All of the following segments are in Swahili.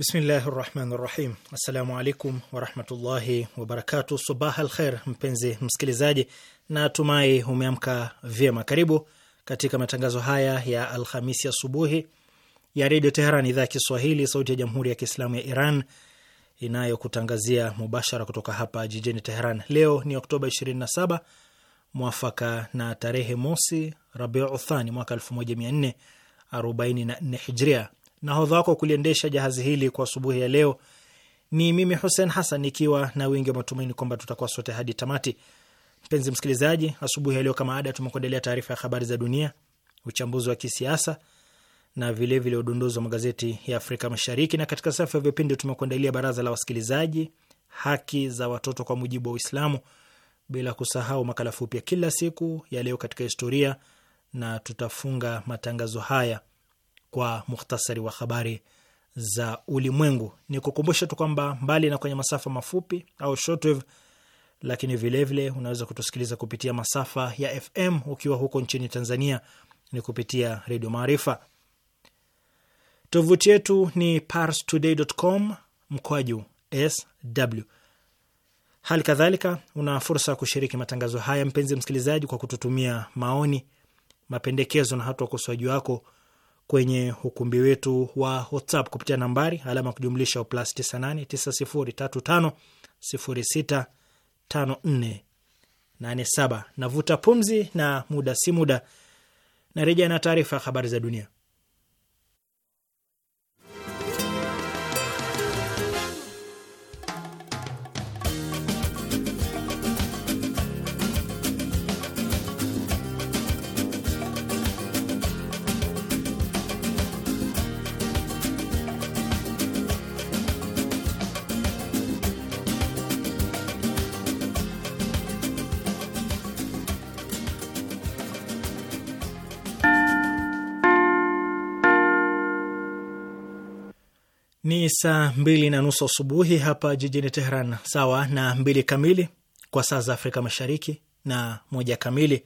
Bismillahi rahmani rahim. Assalamu alaikum warahmatullahi wabarakatu. Subah al kher, mpenzi msikilizaji, na tumai umeamka vyema. Karibu katika matangazo haya ya Alhamisi asubuhi ya Redio Teheran, idhaa ya Kiswahili, sauti ya Jamhuri ya Kiislamu ya Iran inayokutangazia mubashara kutoka hapa jijini Teheran. Leo ni Oktoba 27 mwafaka na tarehe mosi Rabiuthani mwaka 1444 hijria nahodha wako kuliendesha jahazi hili kwa asubuhi ya leo ni mimi Hussein Hassan, nikiwa na wingi wa matumaini kwamba tutakuwa sote hadi tamati. Mpenzi msikilizaji, asubuhi ya leo kama ada, tumekuandalia taarifa ya habari za dunia, uchambuzi wa kisiasa na vilevile udondozi wa magazeti ya Afrika Mashariki, na katika safu ya vipindi tumekuandalia baraza la wasikilizaji, haki za watoto kwa mujibu wa Uislamu, bila kusahau makala fupi ya kila siku ya leo katika historia, na tutafunga matangazo haya kwa muhtasari wa habari za ulimwengu. Ni kukumbusha tu kwamba mbali na kwenye masafa mafupi au shortwave, lakini vilevile vile unaweza kutusikiliza kupitia masafa ya FM ukiwa huko nchini Tanzania ni kupitia Redio Maarifa. Tovuti yetu ni parstoday.com mkwaju sw. Hali kadhalika una fursa ya kushiriki matangazo haya, mpenzi msikilizaji, kwa kututumia maoni, mapendekezo na hata ukosoaji wako kwenye ukumbi wetu wa WhatsApp kupitia nambari alama ya kujumlisha plus 989035065487. Navuta pumzi na muda si muda narejea na taarifa ya habari za dunia. Ni saa mbili na nusu asubuhi hapa jijini teheran sawa na mbili kamili kwa saa za Afrika Mashariki na moja kamili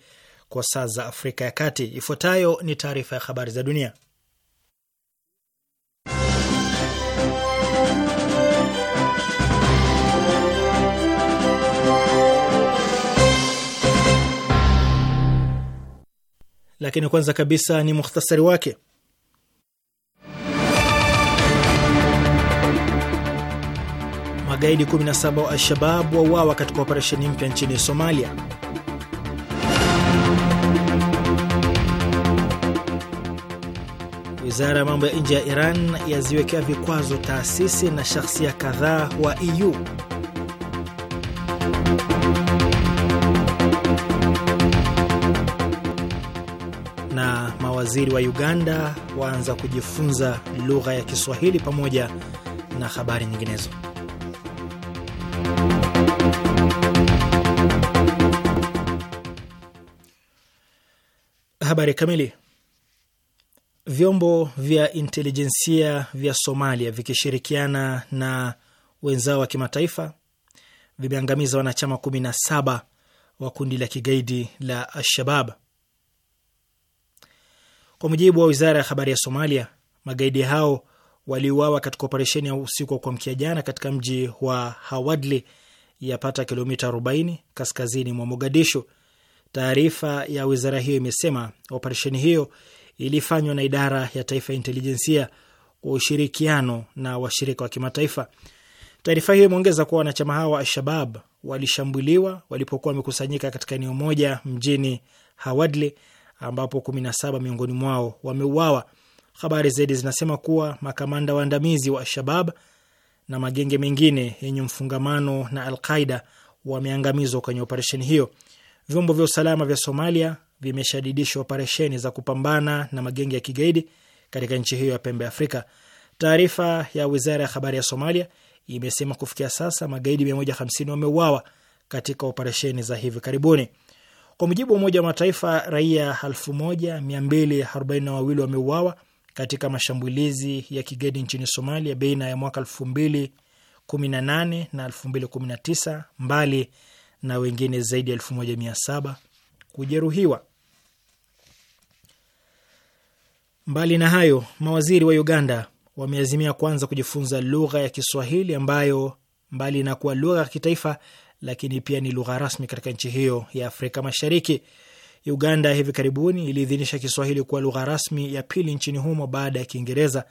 kwa saa za Afrika ya Kati. Ifuatayo ni taarifa ya habari za dunia, lakini kwanza kabisa ni muhtasari wake. Magaidi 17 wa Al-Shabab wauawa katika operesheni mpya nchini Somalia. Wizara ya mambo ya nje ya Iran yaziwekea vikwazo taasisi na shahsia kadhaa wa EU. Na mawaziri wa Uganda waanza kujifunza lugha ya Kiswahili pamoja na habari nyinginezo. Habari kamili. Vyombo vya intelijensia vya Somalia vikishirikiana na wenzao wa kimataifa vimeangamiza wanachama kumi na saba wa kundi la kigaidi la Alshabab. Kwa mujibu wa wizara ya habari ya Somalia, magaidi hao waliuawa katika operesheni ya usiku wa kuamkia jana katika mji wa Hawadli, yapata kilomita 40 kaskazini mwa Mogadishu. Taarifa ya wizara hiyo imesema operesheni hiyo ilifanywa na idara ya taifa ya intelijensia kwa ushirikiano na washirika wa kimataifa. Taarifa hiyo imeongeza kuwa wanachama hao wa Alshabab walishambuliwa walipokuwa wamekusanyika katika eneo moja mjini Hawadli, ambapo 17 miongoni mwao wameuawa. Habari zaidi zinasema kuwa makamanda waandamizi wa Alshabab na magenge mengine yenye mfungamano na Alqaida wameangamizwa kwenye operesheni hiyo. Vyombo vya usalama vya Somalia vimeshadidisha operesheni za kupambana na magenge ya kigaidi katika nchi hiyo ya pembe Afrika. Taarifa ya wizara ya habari ya Somalia imesema kufikia sasa magaidi 150 wameuawa katika operesheni za hivi karibuni. Kwa mujibu wa Umoja wa Mataifa, raia 1242 wameuawa katika mashambulizi ya kigaidi nchini Somalia baina ya mwaka 2018 na 2019 mbali na wengine zaidi ya elfu moja mia saba kujeruhiwa. Mbali na hayo, mawaziri wa Uganda wameazimia kwanza kujifunza lugha ya Kiswahili ambayo mbali na kuwa lugha ya kitaifa lakini pia ni lugha rasmi katika nchi hiyo ya Afrika Mashariki. Uganda hivi karibuni iliidhinisha Kiswahili kuwa lugha rasmi ya pili nchini humo baada ya Kiingereza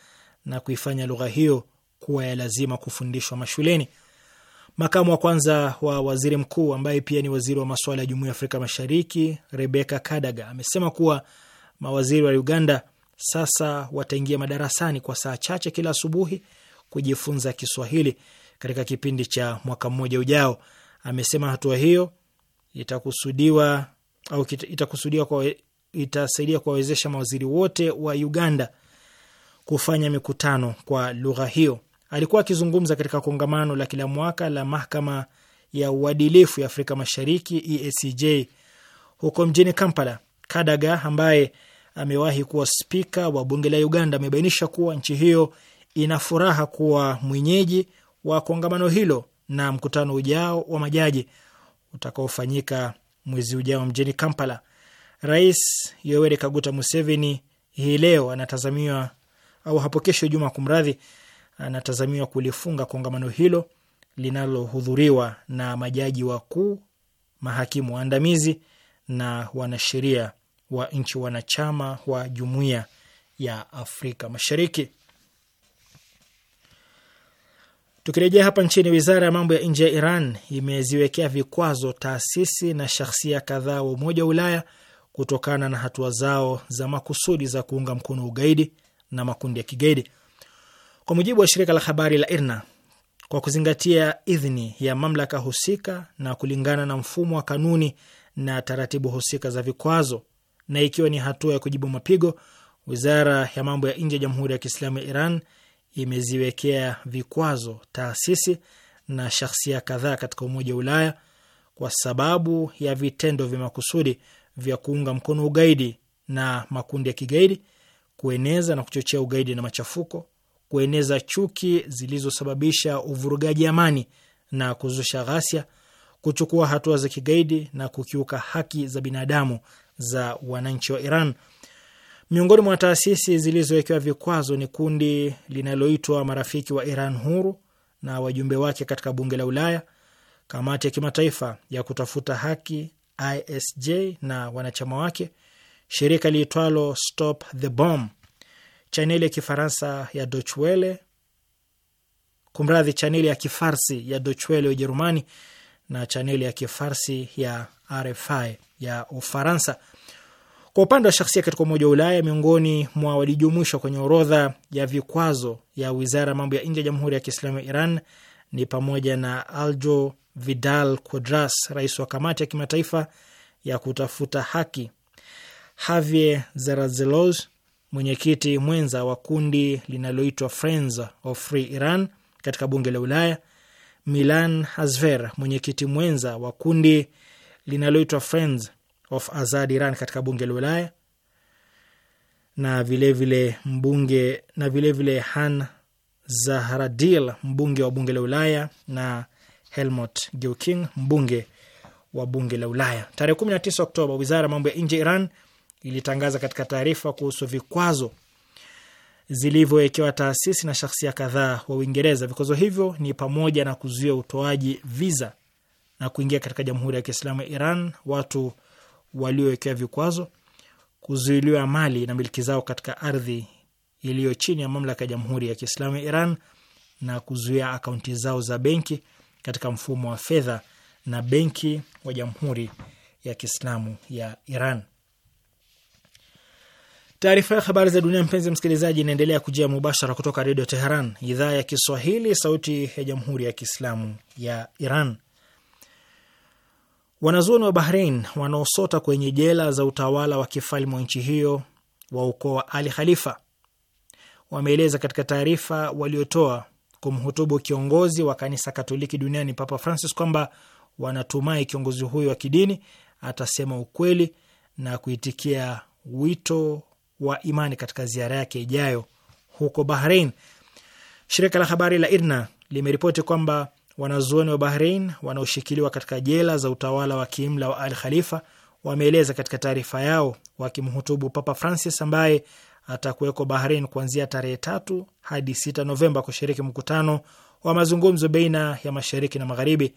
na kuifanya lugha hiyo kuwa ya lazima kufundishwa mashuleni. Makamu wa kwanza wa waziri mkuu ambaye pia ni waziri wa masuala ya jumuiya ya Afrika Mashariki, rebeka Kadaga amesema kuwa mawaziri wa Uganda sasa wataingia madarasani kwa saa chache kila asubuhi kujifunza Kiswahili katika kipindi cha mwaka mmoja ujao. Amesema hatua hiyo itakusudiwa au itakusudiwa kwa, itasaidia kuwawezesha mawaziri wote wa Uganda kufanya mikutano kwa lugha hiyo alikuwa akizungumza katika kongamano la kila mwaka la mahakama ya uadilifu ya Afrika Mashariki EACJ huko mjini Kampala. Kadaga ambaye amewahi kuwa spika wa bunge la Uganda amebainisha kuwa nchi hiyo ina furaha kuwa mwenyeji wa kongamano hilo na mkutano ujao wa majaji utakaofanyika mwezi ujao mjini Kampala. Rais Yoweri Kaguta Museveni hii leo anatazamiwa au hapo kesho Juma, kumradhi, anatazamiwa kulifunga kongamano hilo linalohudhuriwa na majaji wakuu, mahakimu waandamizi na wanasheria wa nchi wanachama wa jumuiya ya Afrika Mashariki. Tukirejea hapa nchini, wizara ya mambo ya nje ya Iran imeziwekea vikwazo taasisi na shahsia kadhaa wa Umoja wa Ulaya kutokana na hatua zao za makusudi za kuunga mkono ugaidi na makundi ya kigaidi. Kwa mujibu wa shirika la habari la IRNA, kwa kuzingatia idhini ya mamlaka husika na kulingana na mfumo wa kanuni na taratibu husika za vikwazo, na ikiwa ni hatua ya kujibu mapigo, wizara ya mambo ya nje ya Jamhuri ya Kiislamu ya Iran imeziwekea vikwazo taasisi na shahsia kadhaa katika Umoja wa Ulaya kwa sababu ya vitendo vya makusudi vya kuunga mkono ugaidi na makundi ya kigaidi, kueneza na kuchochea ugaidi na machafuko kueneza chuki zilizosababisha uvurugaji amani na kuzusha ghasia, kuchukua hatua za kigaidi na kukiuka haki za binadamu za wananchi wa Iran. Miongoni mwa taasisi zilizowekewa vikwazo ni kundi linaloitwa Marafiki wa Iran Huru na wajumbe wake katika Bunge la Ulaya, Kamati ya Kimataifa ya Kutafuta Haki ISJ na wanachama wake, shirika liitwalo Stop the Bomb chaneli ya Kifaransa ya Deutsche Welle, kumradhi, chaneli ya Kifarsi ya Deutsche Welle ya Ujerumani na chaneli ya Kifarsi ya RFI ya Ufaransa. Kwa upande wa shakhsia katika Umoja wa Ulaya, miongoni mwa walijumuishwa kwenye orodha ya vikwazo ya wizara ya mambo ya nje ya Jamhuri ya Kiislamu ya Iran ni pamoja na Aljo Vidal Quadras, rais wa kamati ya kimataifa ya kutafuta haki, Javier Zarazelos, mwenyekiti mwenza wa kundi linaloitwa Friends of Free Iran katika bunge la Ulaya, Milan hasver mwenyekiti mwenza wa kundi linaloitwa Friends of Azad Iran katika bunge la Ulaya, na vilevile vile mbunge na vilevile vile Han Zahradil, mbunge wa bunge la Ulaya na Helmut Geuking, mbunge wa bunge la Ulaya. Tarehe 19 Oktoba, wizara ya mambo ya nje Iran ilitangaza katika taarifa kuhusu vikwazo zilivyowekewa taasisi na shahsia kadhaa wa Uingereza. Vikwazo hivyo ni pamoja na kuzuia utoaji viza na kuingia katika Jamhuri ya Kiislamu ya Iran watu waliowekewa vikwazo, kuzuiliwa mali na miliki zao katika ardhi iliyo chini ya mamlaka ya Jamhuri ya Kiislamu ya Iran na kuzuia akaunti zao za benki katika mfumo wa fedha na benki wa Jamhuri ya Kiislamu ya Iran. Taarifa ya habari za dunia, mpenzi msikilizaji, inaendelea kujia mubashara kutoka Redio Teheran, idhaa ya Kiswahili, sauti ya jamhuri ya kiislamu ya Iran. Wanazuoni wa Bahrein wanaosota kwenye jela za utawala wa kifalme wa nchi hiyo wa ukoo wa Ali Khalifa wameeleza katika taarifa waliotoa kumhutubu kiongozi wa kanisa Katoliki duniani Papa Francis kwamba wanatumai kiongozi huyo wa kidini atasema ukweli na kuitikia wito wa imani katika ziara yake ijayo huko Bahrein. Shirika la habari la IRNA limeripoti kwamba wanazuoni wa Bahrein wanaoshikiliwa katika jela za utawala wa kiimla wa Al Khalifa wameeleza katika taarifa yao wakimhutubu Papa Francis ambaye atakuweko Bahrein kuanzia tarehe tatu hadi sita Novemba kushiriki mkutano wa mazungumzo baina ya mashariki na magharibi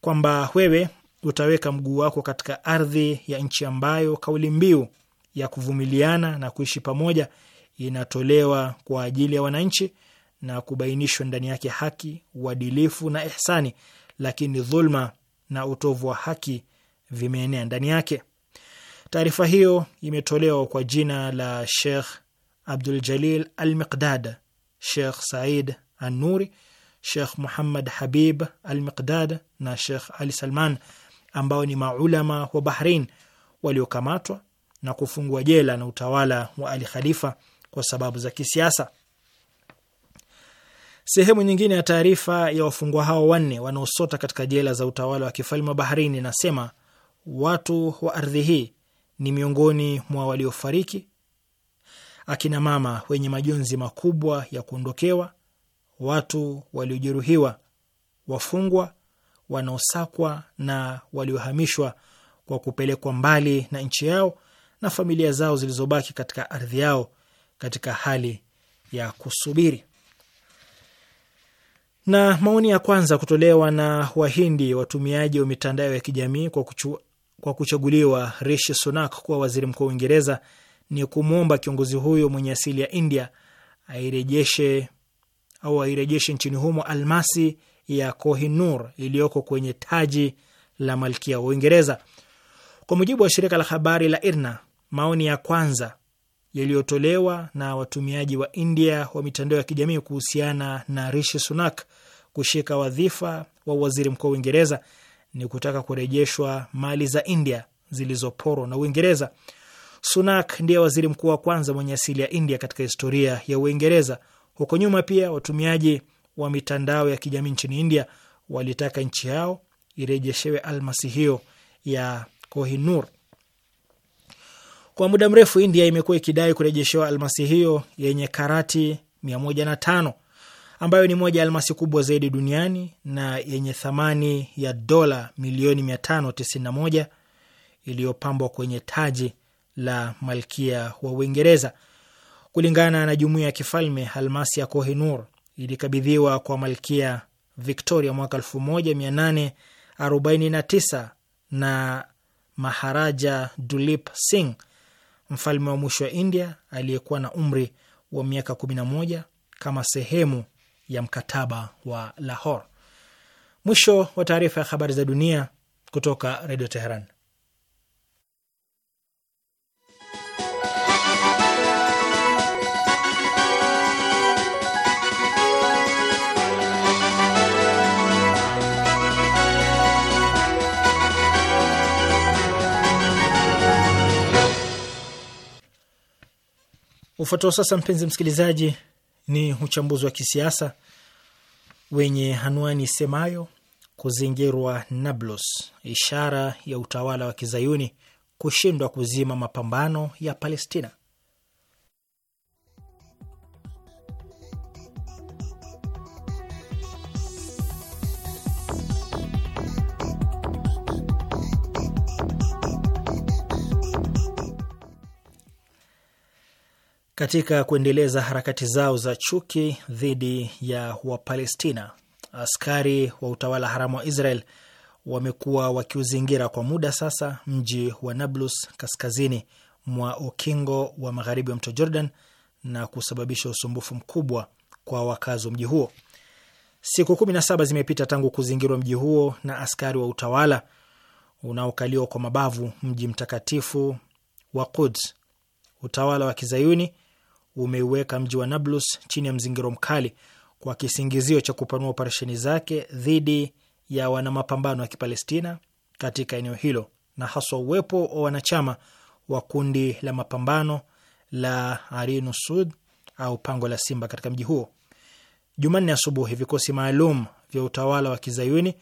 kwamba wewe utaweka mguu wako katika ardhi ya nchi ambayo kauli mbiu ya kuvumiliana na kuishi pamoja inatolewa kwa ajili ya wananchi na kubainishwa ndani yake haki, uadilifu na ihsani, lakini dhulma na utovu wa haki vimeenea ndani yake. Taarifa hiyo imetolewa kwa jina la Shekh Abdul Jalil Al Miqdad, Shekh Said anuri Shekh Muhammad Habib Al Miqdad na Shekh Ali Salman ambao ni maulama wa Bahrain waliokamatwa na kufungwa jela na utawala wa Ali Khalifa kwa sababu za kisiasa. Sehemu nyingine ya taarifa ya wafungwa hao wanne wanaosota katika jela za utawala wa kifalme wa Baharini inasema watu wa ardhi hii ni miongoni mwa waliofariki, akina mama wenye majonzi makubwa ya kuondokewa, watu waliojeruhiwa, wafungwa wanaosakwa na waliohamishwa kwa kupelekwa mbali na nchi yao na familia zao zilizobaki katika ardhi yao katika hali ya kusubiri. Na maoni ya kwanza kutolewa na Wahindi watumiaji wa mitandao ya kijamii kwa, kuchu, kwa kuchaguliwa Rishi Sunak kuwa waziri mkuu wa Uingereza ni kumwomba kiongozi huyo mwenye asili ya India airejeshe au airejeshe nchini humo almasi ya Kohinur iliyoko kwenye taji la malkia wa Uingereza. Kwa mujibu wa shirika la habari la IRNA, maoni ya kwanza yaliyotolewa na watumiaji wa India wa mitandao ya kijamii kuhusiana na Rishi Sunak kushika wadhifa wa waziri mkuu wa Uingereza ni kutaka kurejeshwa mali za India zilizoporwa na Uingereza. Sunak ndiye waziri mkuu wa kwanza mwenye asili ya India katika historia ya Uingereza. Huko nyuma pia watumiaji wa mitandao ya kijamii nchini India walitaka nchi yao irejeshewe almasi hiyo ya Kohinoor. Kwa muda mrefu India imekuwa ikidai kurejeshewa almasi hiyo yenye karati 105 ambayo ni moja ya almasi kubwa zaidi duniani na yenye thamani ya dola milioni 591 iliyopambwa kwenye taji la malkia wa Uingereza. Kulingana na jumuiya ya kifalme, almasi ya Kohinur ilikabidhiwa kwa malkia Victoria mwaka 1849 na Maharaja Dulip Singh mfalme wa mwisho wa India aliyekuwa na umri wa miaka 11 kama sehemu ya mkataba wa Lahore. Mwisho wa taarifa ya habari za dunia kutoka Redio Teheran. Ufuatao sasa, mpenzi msikilizaji, ni uchambuzi wa kisiasa wenye anwani semayo kuzingirwa Nablus, ishara ya utawala wa kizayuni kushindwa kuzima mapambano ya Palestina. katika kuendeleza harakati zao za chuki dhidi ya Wapalestina. Askari wa utawala haramu wa Israel wamekuwa wakiuzingira kwa muda sasa mji wa Nablus kaskazini mwa ukingo wa magharibi wa mto Jordan na kusababisha usumbufu mkubwa kwa wakazi wa mji huo. Siku kumi na saba zimepita tangu kuzingirwa mji huo na askari wa utawala unaokaliwa kwa mabavu mji mtakatifu wa Quds. Utawala wa kizayuni umeiweka mji wa Nablus chini ya mzingiro mkali kwa kisingizio cha kupanua operesheni zake dhidi ya wanamapambano wa Kipalestina katika eneo hilo na haswa uwepo wa wanachama wa kundi la mapambano la Arinu Sud au pango la Simba katika mji huo. Jumanne asubuhi, vikosi maalum vya utawala wa kizayuni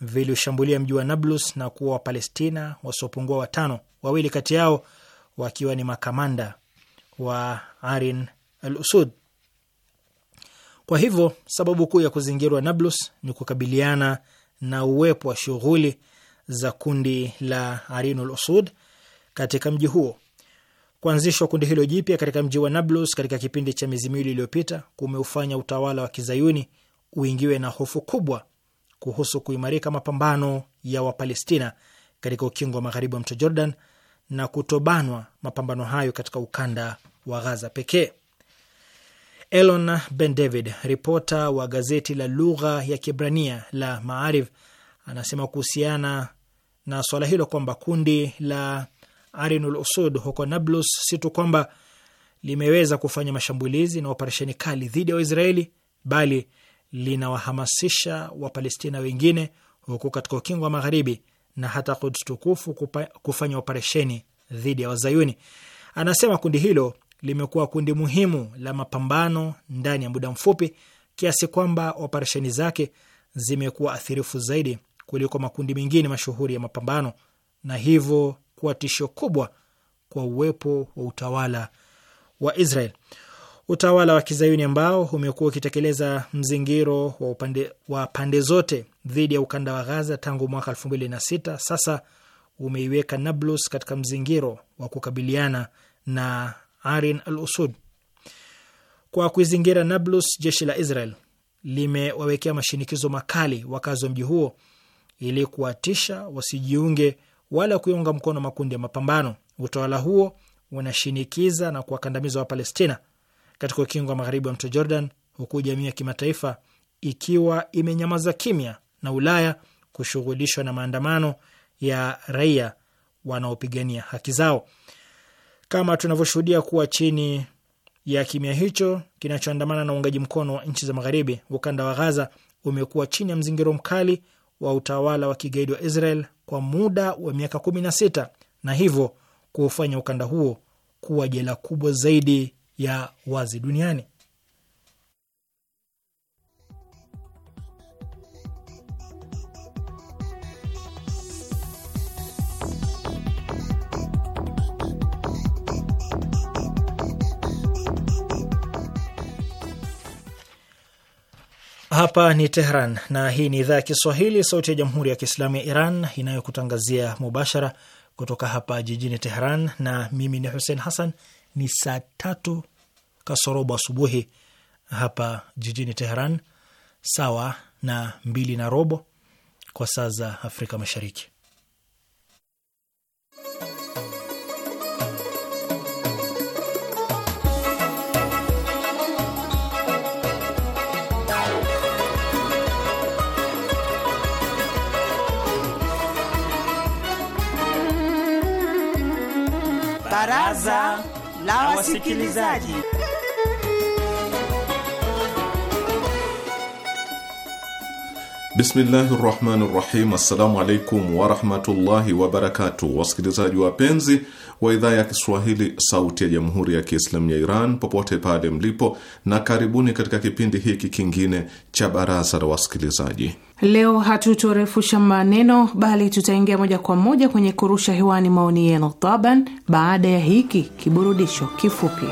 vilishambulia mji wa Nablus na kuwa Wapalestina wasiopungua watano, wawili kati yao wakiwa ni makamanda wa Arin al Usud. Kwa hivyo sababu kuu ya kuzingirwa Nablus ni kukabiliana na uwepo wa shughuli za kundi la Arin al Usud katika mji huo. Kuanzishwa kundi hilo jipya katika mji wa Nablus katika kipindi cha miezi miwili iliyopita kumeufanya utawala wa kizayuni uingiwe na hofu kubwa kuhusu kuimarika mapambano ya Wapalestina katika ukingo wa magharibi wa mto Jordan na kutobanwa mapambano hayo katika ukanda wa Ghaza pekee. Elon Ben David, ripota wa gazeti la lugha ya kibrania la Maariv, anasema kuhusiana na swala hilo kwamba kundi la Arinul Usud huko Nablus si tu kwamba limeweza kufanya mashambulizi na operesheni kali dhidi ya Waisraeli bali linawahamasisha Wapalestina wengine huku katika ukingo wa Magharibi na hata Quds tukufu kufanya operesheni dhidi ya Wazayuni. Anasema kundi hilo limekuwa kundi muhimu la mapambano ndani ya muda mfupi kiasi kwamba operesheni zake zimekuwa athirifu zaidi kuliko makundi mengine mashuhuri ya mapambano na hivyo kuwa tisho kubwa kwa uwepo wa utawala wa Israel. Utawala wa kizayuni ambao umekuwa ukitekeleza mzingiro wa, upande, wa pande zote dhidi ya ukanda wa Gaza tangu mwaka elfu mbili na sita sasa umeiweka Nablus katika mzingiro wa kukabiliana na Arin al Usud. Kwa kuizingira Nablus, jeshi la Israel limewawekea mashinikizo makali wakazi wa mji huo ili kuwatisha wasijiunge wala kuiunga mkono makundi ya mapambano. Utawala huo unashinikiza na kuwakandamiza Wapalestina katika ukingo wa magharibi wa mto Jordan, huku jamii ya kimataifa ikiwa imenyamaza kimya na Ulaya kushughulishwa na maandamano ya raia wanaopigania haki zao, kama tunavyoshuhudia kuwa chini ya kimya hicho kinachoandamana na uungaji mkono wa nchi za magharibi, ukanda wa Gaza umekuwa chini ya mzingiro mkali wa utawala wa kigaidi wa Israel kwa muda wa miaka kumi na sita na hivyo kuufanya ukanda huo kuwa jela kubwa zaidi ya wazi duniani. Hapa ni Tehran na hii ni idhaa ya Kiswahili, sauti ya jamhuri ya kiislamu ya Iran inayokutangazia mubashara kutoka hapa jijini Tehran, na mimi ni Hussein Hassan ni saa tatu kasorobo asubuhi hapa jijini Teheran, sawa na mbili na robo kwa saa za Afrika Mashariki. Baraza la wasikilizaji. Bismillahi rahmani rahim. Assalamu alaikum warahmatullahi wabarakatuh. Wasikilizaji wapenzi wa idhaa ya Kiswahili sauti ya jamhuri ya Kiislamu ya Iran popote pale mlipo, na karibuni katika kipindi hiki kingine cha baraza la wasikilizaji. Leo hatutorefusha maneno, bali tutaingia moja kwa moja kwenye kurusha hewani maoni yenu taban, baada ya hiki kiburudisho kifupi.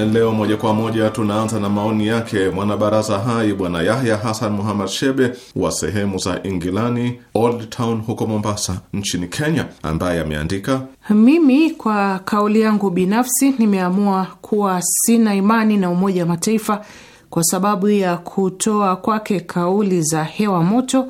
Eh, leo moja kwa moja tunaanza na maoni yake mwanabaraza hai Bwana Yahya Hassan Muhammad Shebe wa sehemu za Ingilani, Old Town huko Mombasa nchini Kenya, ambaye ameandika: mimi kwa kauli yangu binafsi nimeamua kuwa sina imani na Umoja wa Mataifa kwa sababu ya kutoa kwake kauli za hewa moto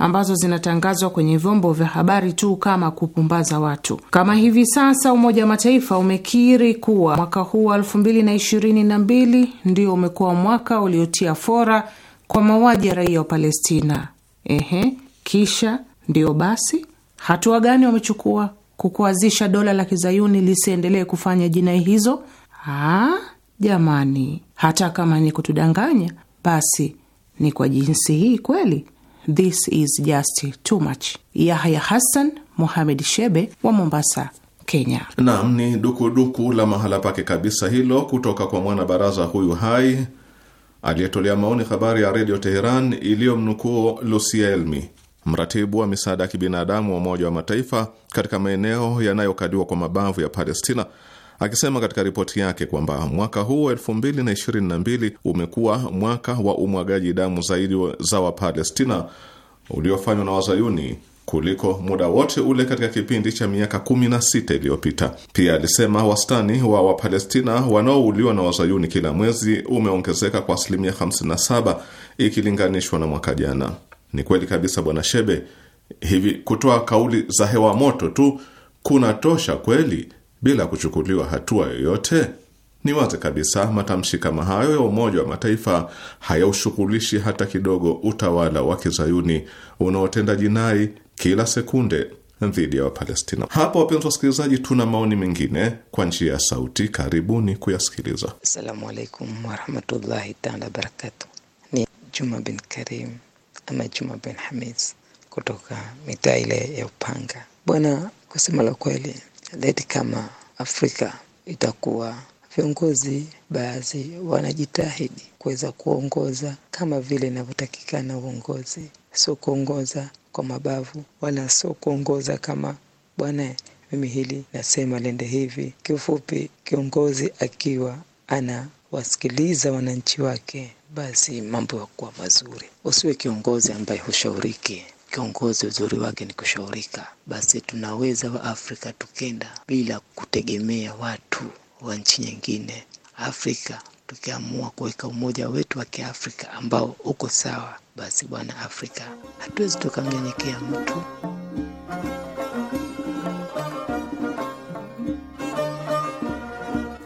ambazo zinatangazwa kwenye vyombo vya habari tu kama kupumbaza watu. Kama hivi sasa Umoja wa Mataifa umekiri kuwa mwaka huu wa elfu mbili na ishirini na mbili ndio umekuwa mwaka uliotia fora kwa mauaji ya raia wa Palestina. Ehe, kisha ndio basi, hatua gani wamechukua kukuazisha dola la kizayuni lisiendelee kufanya jinai hizo? Aa, ah, jamani, hata kama ni kutudanganya, basi ni kwa jinsi hii kweli? This is just too much. Yahya Hassan Muhamed Shebe wa Mombasa, Kenya. Naam, ni dukuduku la mahala pake kabisa hilo kutoka kwa mwanabaraza huyu hai aliyetolea maoni habari ya redio Teheran iliyomnukuu Lusia Elmi, mratibu wa misaada ya kibinadamu wa Umoja wa Mataifa katika maeneo yanayokaliwa kwa mabavu ya Palestina akisema katika ripoti yake kwamba mwaka huu wa elfu mbili na ishirini na mbili umekuwa mwaka wa umwagaji damu zaidi za Wapalestina uliofanywa na Wazayuni kuliko muda wote ule katika kipindi cha miaka kumi na sita iliyopita. Pia alisema wastani wa Wapalestina wanaouliwa na Wazayuni kila mwezi umeongezeka kwa asilimia 57 ikilinganishwa na mwaka jana. Ni kweli kabisa, Bwana Shebe, hivi kutoa kauli za hewa moto tu kuna tosha kweli bila kuchukuliwa hatua yoyote? Ni wazi kabisa matamshi kama hayo ya Umoja wa Mataifa hayaushughulishi hata kidogo utawala wa kizayuni unaotenda jinai kila sekunde dhidi ya Wapalestina. Hapo wapenzi wasikilizaji, tuna maoni mengine kwa njia ya sauti, karibuni kuyasikiliza. Assalamu alaikum warahmatullahi taala wabarakatu. Ni Juma bin Karim ama Juma bin Hamis kutoka mitaa ile ya Upanga. Bwana, kusema la kweli leti kama Afrika itakuwa viongozi baadhi wanajitahidi kuweza kuongoza kama vile inavyotakikana uongozi, sio kuongoza kwa mabavu, wala sio kuongoza kama bwana, mimi hili nasema lende hivi. Kiufupi, kiongozi akiwa anawasikiliza wananchi wake, basi mambo yakuwa mazuri. Usiwe kiongozi ambaye hushauriki kiongozi uzuri wake ni kushaurika. Basi tunaweza wa afrika tukenda bila kutegemea watu wa nchi nyingine. Afrika tukiamua kuweka umoja wetu wa Kiafrika ambao uko sawa, basi bwana Afrika, hatuwezi tukamnyenyekea mtu.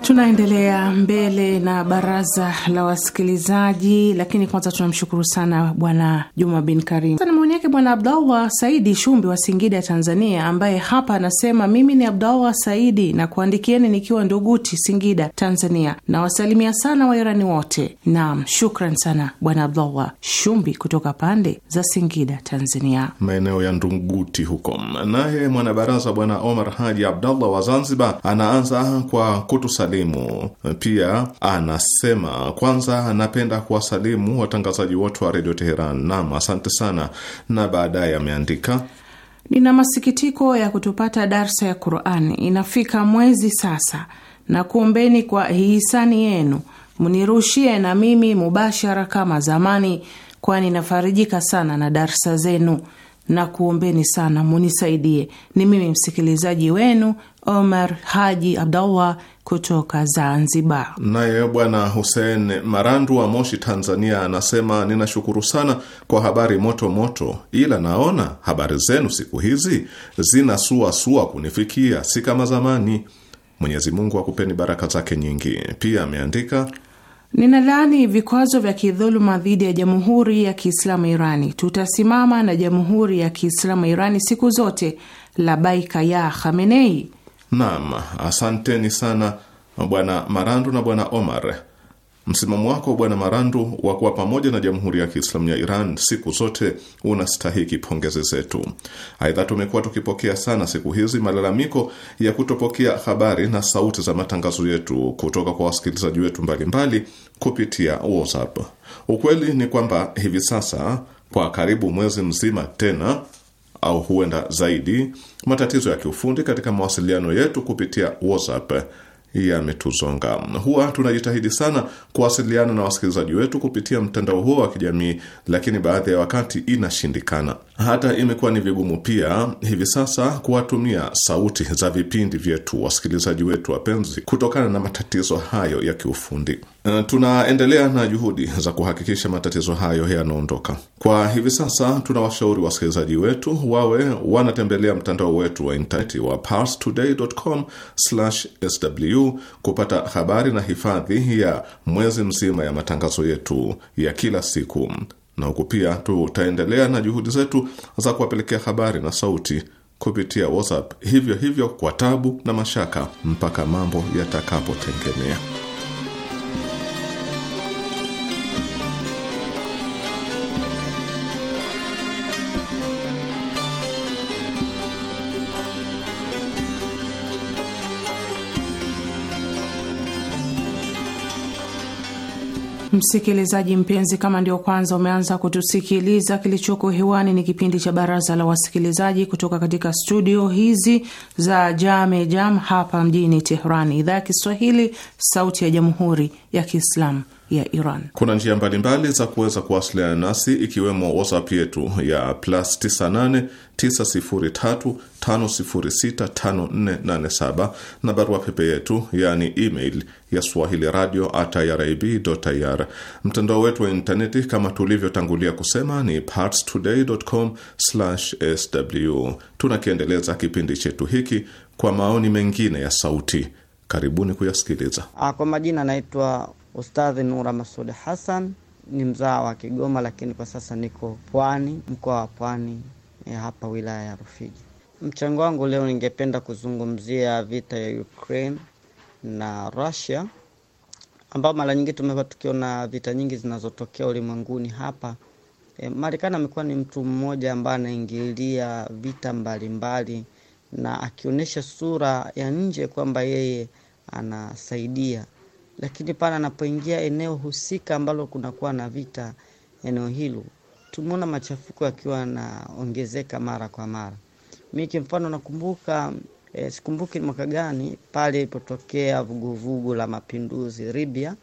Tunaendelea mbele na baraza la wasikilizaji, lakini kwanza tunamshukuru sana Bwana Juma bin Karim. Sasa maoni yake Bwana Abdallah Saidi Shumbi wa Singida, Tanzania, ambaye hapa anasema mimi ni Abdallah Saidi na kuandikieni nikiwa Nduguti, Singida, Tanzania. Nawasalimia sana Wairani wote. Naam, shukran sana Bwana Abdallah Shumbi kutoka pande za Singida, Tanzania, maeneo ya Nduguti huko. Naye mwanabaraza Bwana Omar Haji Abdallah wa Zanzibar anaanza kwa kutusali kuwasalimu. Pia anasema kwanza, anapenda kuwasalimu watangazaji wote wa redio Teheran nam, asante sana. Na baadaye ameandika nina masikitiko ya kutopata darsa ya Qurani, inafika mwezi sasa, na kuombeni kwa hisani yenu mnirushie na mimi mubashara kama zamani, kwani nafarijika sana na darsa zenu na kuombeni sana munisaidie. Ni mimi msikilizaji wenu Omar Haji Abdallah kutoka Zanzibar. Naye bwana Hussein Marandu wa Moshi, Tanzania, anasema ninashukuru sana kwa habari moto moto, ila naona habari zenu siku hizi zinasuasua kunifikia, si kama zamani. Mwenyezi Mungu akupeni baraka zake nyingi. Pia ameandika Ninalaani vikwazo vya kidhuluma dhidi ya Jamhuri ya Kiislamu Irani. Tutasimama na Jamhuri ya Kiislamu Irani siku zote, labaika ya Khamenei. Naam, asanteni sana Bwana Marandu na Bwana Omar Msimamo wako Bwana Marandu wa kuwa pamoja na Jamhuri ya Kiislamu ya Iran siku zote unastahiki pongezi zetu. Aidha, tumekuwa tukipokea sana siku hizi malalamiko ya kutopokea habari na sauti za matangazo yetu kutoka kwa wasikilizaji wetu mbalimbali kupitia WhatsApp. Ukweli ni kwamba hivi sasa kwa karibu mwezi mzima tena au huenda zaidi, matatizo ya kiufundi katika mawasiliano yetu kupitia WhatsApp yametuzonga. Huwa tunajitahidi sana kuwasiliana na wasikilizaji wetu kupitia mtandao huo wa kijamii, lakini baadhi ya wakati inashindikana. Hata imekuwa ni vigumu pia hivi sasa kuwatumia sauti za vipindi vyetu wasikilizaji wetu wapenzi, kutokana na matatizo hayo ya kiufundi. Uh, tunaendelea na juhudi za kuhakikisha matatizo hayo yanaondoka. Kwa hivi sasa, tunawashauri wasikilizaji wetu wawe wanatembelea mtandao wetu wa intaneti wa parstoday.com/sw kupata habari na hifadhi ya mwezi mzima ya matangazo yetu ya kila siku, na huku pia tutaendelea na juhudi zetu za kuwapelekea habari na sauti kupitia WhatsApp, hivyo hivyo kwa tabu na mashaka, mpaka mambo yatakapotengemea. Msikilizaji mpenzi, kama ndio kwanza umeanza kutusikiliza, kilichoko hewani ni kipindi cha Baraza la Wasikilizaji kutoka katika studio hizi za Jame Jam hapa mjini Tehrani, idhaa ya Kiswahili, Sauti ya Jamhuri ya Kiislamu ya Iran. Kuna njia mbalimbali za kuweza kuwasiliana nasi ikiwemo WhatsApp yetu ya plus 989035065487 na barua pepe yetu yaani email ya swahili radio at irib.ir. Mtandao wetu wa intaneti kama tulivyotangulia kusema ni parstoday.com/sw. Tunakiendeleza kipindi chetu hiki kwa maoni mengine ya sauti. Karibuni kuyasikiliza. Ah, kwa majina naitwa Ustadhi Nura Masud Hassan ni mzaa wa Kigoma, lakini kwa sasa niko Pwani, mkoa wa Pwani eh, hapa wilaya ya Rufiji. Mchango wangu leo, ningependa kuzungumzia vita ya Ukraine na Russia, ambao mara nyingi tumekuwa tukiona vita nyingi zinazotokea ulimwenguni hapa E, Marekani amekuwa ni mtu mmoja ambaye anaingilia vita mbalimbali mbali, na akionyesha sura ya nje kwamba yeye anasaidia lakini pale anapoingia eneo husika ambalo kunakuwa na vita eneo hilo, tumeona machafuko yakiwa yanaongezeka mara kwa mara. Mimi kimfano nakumbuka E, sikumbuki mwaka gani pale ilipotokea vuguvugu la mapinduzi Libya,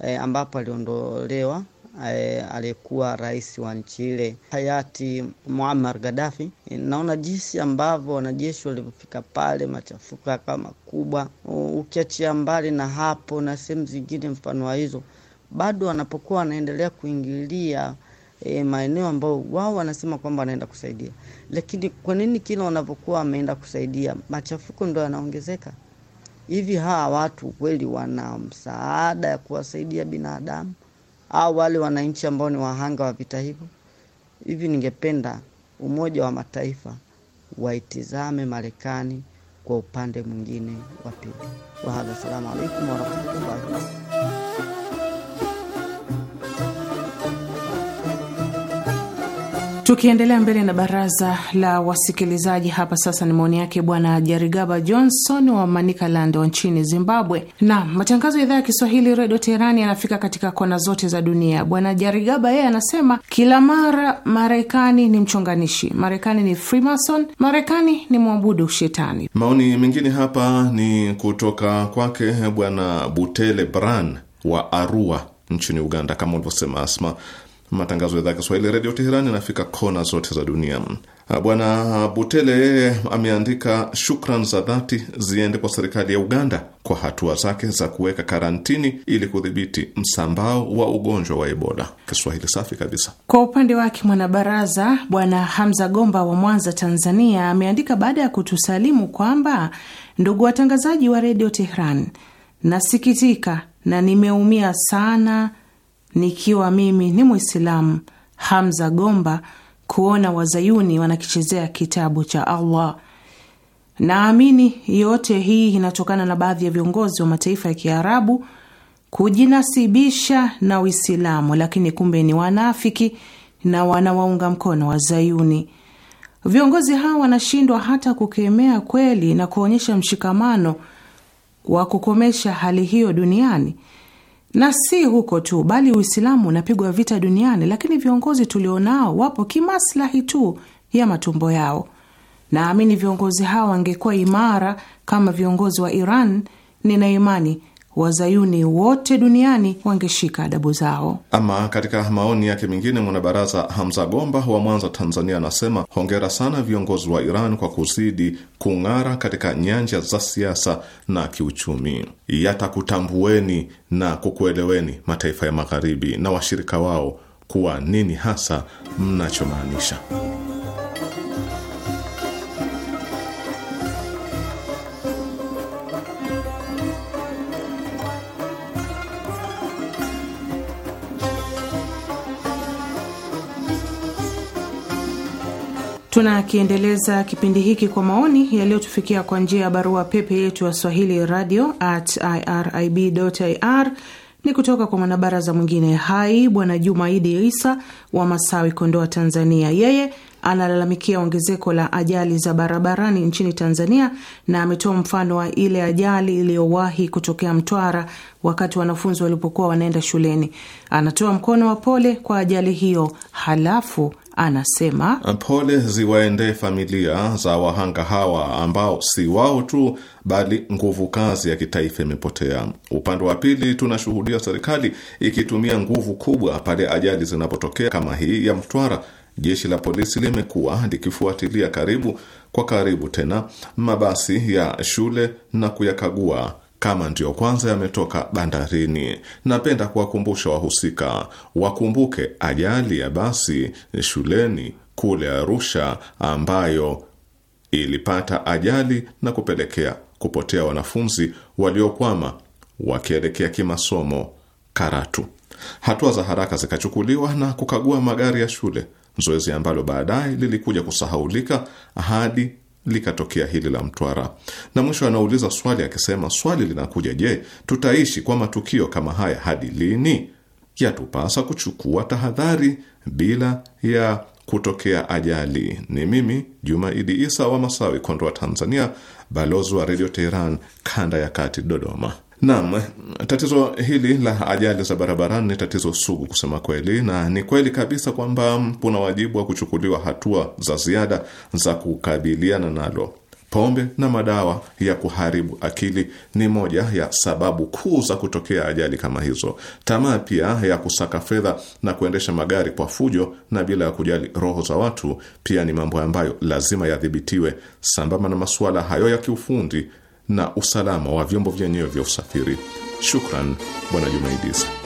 e, ambapo aliondolewa Eh, aliyekuwa rais wa nchi ile hayati Muammar Gaddafi. Naona jinsi ambavyo wanajeshi walivyofika pale, machafuko yakawa makubwa. Ukiachia mbali na hapo na sehemu zingine mfano wa hizo, bado wanapokuwa wanaendelea kuingilia E, maeneo ambayo wao wanasema kwamba wanaenda kusaidia, lakini kwa nini kila wanavyokuwa wameenda kusaidia machafuko ndo yanaongezeka? Hivi hawa watu kweli wana msaada ya kuwasaidia binadamu? au wale wananchi ambao ni wahanga wa vita hivyo. Hivi ningependa Umoja wa Mataifa waitizame Marekani kwa upande mwingine wa pili. Wahada, salamu alaikum warahmatullahi Tukiendelea mbele na baraza la wasikilizaji, hapa sasa ni maoni yake Bwana Jarigaba Johnson wa manikaland wa nchini Zimbabwe. Na matangazo ya idhaa ya Kiswahili Redio Teherani yanafika katika kona zote za dunia. Bwana Jarigaba yeye anasema kila mara Marekani ni mchonganishi, Marekani ni Freemason, Marekani ni mwabudu shetani. Maoni mengine hapa ni kutoka kwake Bwana Butele Bran wa Arua nchini Uganda. Kama ulivyosema Asma, Matangazo ya idhaa ya Kiswahili redio teheran yanafika kona zote za dunia. Ah, Bwana Butele yeye ameandika shukran za dhati ziende kwa serikali ya Uganda kwa hatua zake za kuweka karantini ili kudhibiti msambao wa ugonjwa wa Ebola. Kiswahili safi kabisa. Kwa upande wake mwanabaraza Bwana Hamza Gomba wa Mwanza, Tanzania, ameandika baada ya kutusalimu kwamba ndugu watangazaji wa redio Teheran, nasikitika na nimeumia sana nikiwa mimi ni Mwislamu Hamza Gomba kuona wazayuni wanakichezea kitabu cha Allah. Naamini yote hii inatokana na baadhi ya viongozi wa mataifa ya Kiarabu kujinasibisha na Uislamu, lakini kumbe ni wanafiki na wanawaunga mkono wazayuni. Viongozi hawa wanashindwa hata kukemea kweli na kuonyesha mshikamano wa kukomesha hali hiyo duniani na si huko tu, bali Uislamu unapigwa vita duniani, lakini viongozi tulionao wapo kimaslahi tu ya matumbo yao. Naamini viongozi hao wangekuwa imara kama viongozi wa Iran, nina imani Wazayuni wote duniani wangeshika adabu zao. Ama katika maoni yake mengine, mwanabaraza Hamza Gomba wa Mwanza, Tanzania, anasema hongera sana viongozi wa Iran kwa kuzidi kung'ara katika nyanja za siasa na kiuchumi. Yatakutambueni na kukueleweni mataifa ya Magharibi na washirika wao kuwa nini hasa mnachomaanisha. Tunakiendeleza kipindi hiki kwa maoni yaliyotufikia kwa njia ya barua pepe yetu ya swahili radio at irib.ir ni kutoka kwa mwanabaraza mwingine hai Bwana Jumaidi Isa wa Masawi, Kondoa, Tanzania. Yeye analalamikia ongezeko la ajali za barabarani nchini Tanzania na ametoa mfano wa ile ajali iliyowahi kutokea Mtwara wakati wanafunzi walipokuwa wanaenda shuleni. Anatoa mkono wa pole kwa ajali hiyo, halafu anasema pole ziwaendee familia za wahanga hawa ambao si wao tu bali nguvu kazi ya kitaifa imepotea. Upande wa pili, tunashuhudia serikali ikitumia nguvu kubwa pale ajali zinapotokea kama hii ya Mtwara. Jeshi la polisi limekuwa likifuatilia karibu kwa karibu tena mabasi ya shule na kuyakagua kama ndiyo kwanza yametoka bandarini. Napenda kuwakumbusha wahusika wakumbuke ajali ya basi shuleni kule Arusha ambayo ilipata ajali na kupelekea kupotea wanafunzi waliokwama wakielekea kimasomo Karatu. Hatua za haraka zikachukuliwa na kukagua magari ya shule, zoezi ambalo baadaye lilikuja kusahaulika hadi likatokea hili la Mtwara. Na mwisho anauliza swali akisema, swali linakuja, je, tutaishi kwa matukio kama haya hadi lini? Yatupasa kuchukua tahadhari bila ya kutokea ajali. Ni mimi Jumaidi Isa wa Masawi, Kondoa, Tanzania, balozi wa Redio Teheran kanda ya kati, Dodoma. Naam, tatizo hili la ajali za barabarani ni tatizo sugu kusema kweli, na ni kweli kabisa kwamba kuna wajibu wa kuchukuliwa hatua za ziada za kukabiliana nalo. Pombe na madawa ya kuharibu akili ni moja ya sababu kuu za kutokea ajali kama hizo. Tamaa pia ya kusaka fedha na kuendesha magari kwa fujo na bila ya kujali roho za watu pia ni mambo ambayo lazima yadhibitiwe, sambamba na masuala hayo ya kiufundi na usalama wa vyombo vyenyewe vya usafiri. Shukran Bwana Jumaidisa.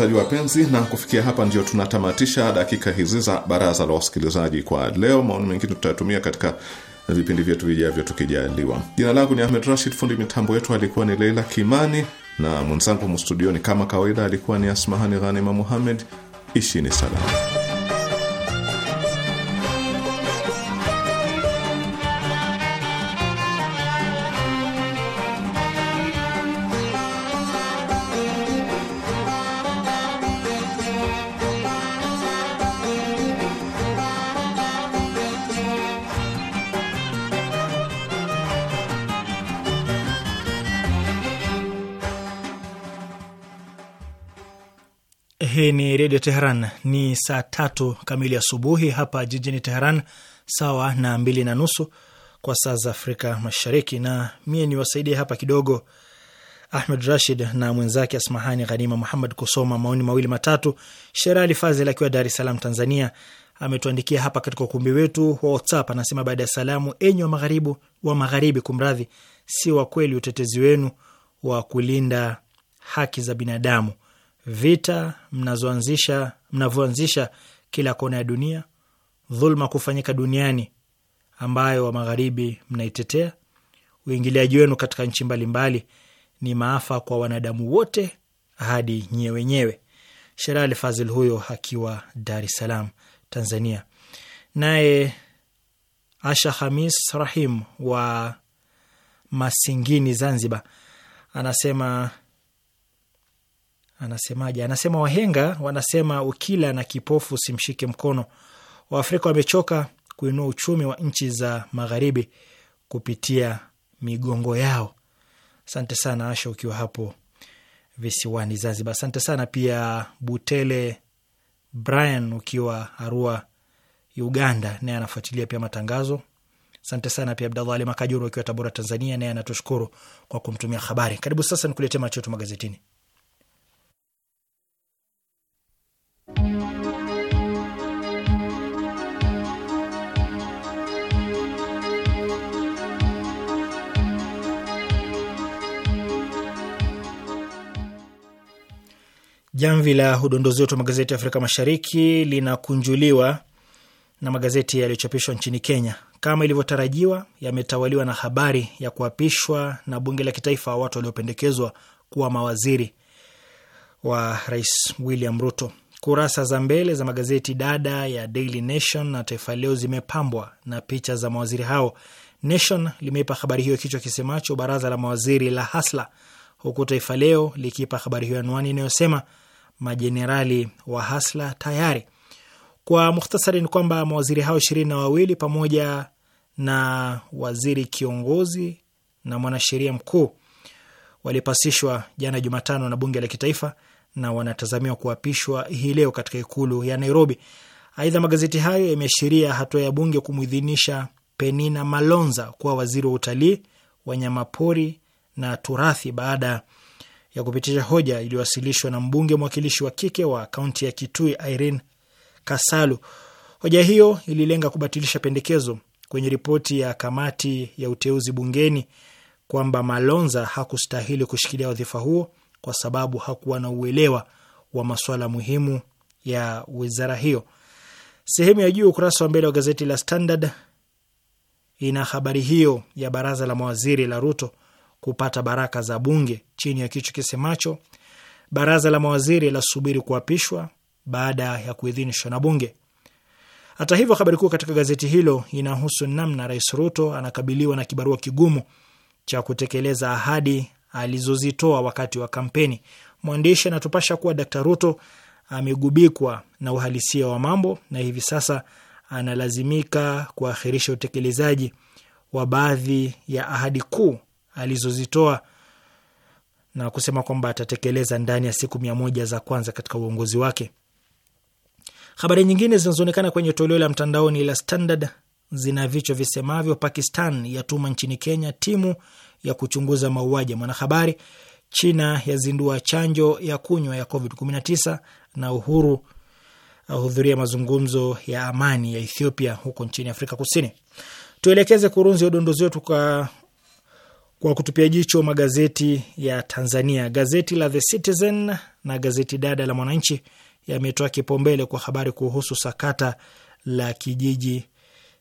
wasikilizaji wapenzi, na kufikia hapa ndio tunatamatisha dakika hizi za baraza la wasikilizaji kwa leo. Maoni mengine tutayatumia katika vipindi vyetu vijavyo tukijaliwa. Jina langu ni Ahmed Rashid, fundi mitambo yetu alikuwa ni Leila Kimani na mwenzangu mstudioni kama kawaida alikuwa ni Asmahani Ghanima Muhammed. Ishini salama. Hii ni Redio Teheran. Ni saa tatu kamili asubuhi hapa jijini Teheran, sawa na mbili na nusu kwa saa za Afrika Mashariki. Na mie ni wasaidia hapa kidogo Ahmed Rashid na mwenzake Asmahani Ghanima Muhammad kusoma maoni mawili matatu. Sherali Fazel akiwa Dar es Salaam, Tanzania, ametuandikia hapa katika ukumbi wetu wa WhatsApp. Anasema, baada ya salamu, enyi wa magharibu wa magharibi, kumradhi, si wa kweli utetezi wenu wa kulinda haki za binadamu vita mnazoanzisha mnavyoanzisha kila kona ya dunia, dhulma kufanyika duniani ambayo wa magharibi mnaitetea, uingiliaji wenu katika nchi mbalimbali ni maafa kwa wanadamu wote hadi nyie wenyewe. Sherali Fazil huyo akiwa Dar es Salaam, Tanzania. Naye Asha Hamis Rahim wa Masingini, Zanzibar, anasema Anasemaje? Anasema wahenga wanasema ukila na kipofu simshike mkono. Waafrika wamechoka kuinua uchumi wa nchi za magharibi kupitia migongo yao. Asante sana Asha, ukiwa hapo visiwani Zanzibar. Asante sana pia Butele Brian, ukiwa Arua Uganda, naye anafuatilia pia matangazo. Asante sana pia Abdallah Ali Makajuru ukiwa Tabora Tanzania, naye anatushukuru kwa kumtumia habari. Karibu sasa nikuletee macho yetu magazetini. Jamvi la udondozi wetu wa magazeti ya Afrika Mashariki linakunjuliwa na magazeti yaliyochapishwa nchini Kenya. Kama ilivyotarajiwa, yametawaliwa na habari ya kuapishwa na bunge la kitaifa watu waliopendekezwa kuwa mawaziri wa Rais William Ruto. Kurasa za mbele za magazeti dada ya Daily Nation na Taifa Leo zimepambwa na picha za mawaziri hao. Nation limeipa habari hiyo kichwa kisemacho baraza la mawaziri la hasla, huku Taifa Leo likiipa habari hiyo anwani inayosema majenerali wa Hasla tayari. Kwa mukhtasari, ni kwamba mawaziri hao ishirini na wawili pamoja na waziri kiongozi na mwanasheria mkuu walipasishwa jana Jumatano na bunge la kitaifa na wanatazamiwa kuapishwa hii leo katika ikulu ya Nairobi. Aidha, magazeti hayo yameashiria hatua ya bunge kumwidhinisha Penina Malonza kuwa waziri wa utalii, wanyamapori na turathi baada ya kupitisha hoja iliyowasilishwa na mbunge mwakilishi wa kike wa kaunti ya Kitui Irene Kasalu. Hoja hiyo ililenga kubatilisha pendekezo kwenye ripoti ya kamati ya uteuzi bungeni kwamba Malonza hakustahili kushikilia wadhifa huo kwa sababu hakuwa na uelewa wa masuala muhimu ya wizara hiyo. Sehemu ya juu ukurasa wa mbele wa gazeti la Standard ina habari hiyo ya baraza la mawaziri la Ruto kupata baraka za bunge chini ya kichwa kisemacho baraza la mawaziri subiri kuapishwa baada ya kuidhinishwa na bunge. Hata hivyo, habari kuu katika gazeti hilo inahusu namna Rais Ruto anakabiliwa na kibarua kigumu cha kutekeleza ahadi alizozitoa wakati wa kampeni. Mwandishi anatupasha kuwa Dkt. Ruto amegubikwa na uhalisia wa mambo na hivi sasa analazimika kuahirisha utekelezaji wa baadhi ya ahadi kuu alizozitoa na kusema kwamba atatekeleza ndani ya siku mia moja za kwanza katika uongozi wake. Habari nyingine zinazoonekana kwenye toleo la mtandaoni la Standard zina vichwa visemavyo: Pakistan yatuma nchini Kenya timu ya kuchunguza mauaji ya mwanahabari, China yazindua chanjo ya kunywa ya COVID-19 na Uhuru ahudhuria mazungumzo ya amani ya Ethiopia huko nchini Afrika Kusini. Tuelekeze kurunzi ya udondozi wetu kwa kwa kutupia jicho magazeti ya Tanzania. Gazeti la The Citizen na gazeti dada la Mwananchi yametoa kipaumbele kwa habari kuhusu sakata la kijiji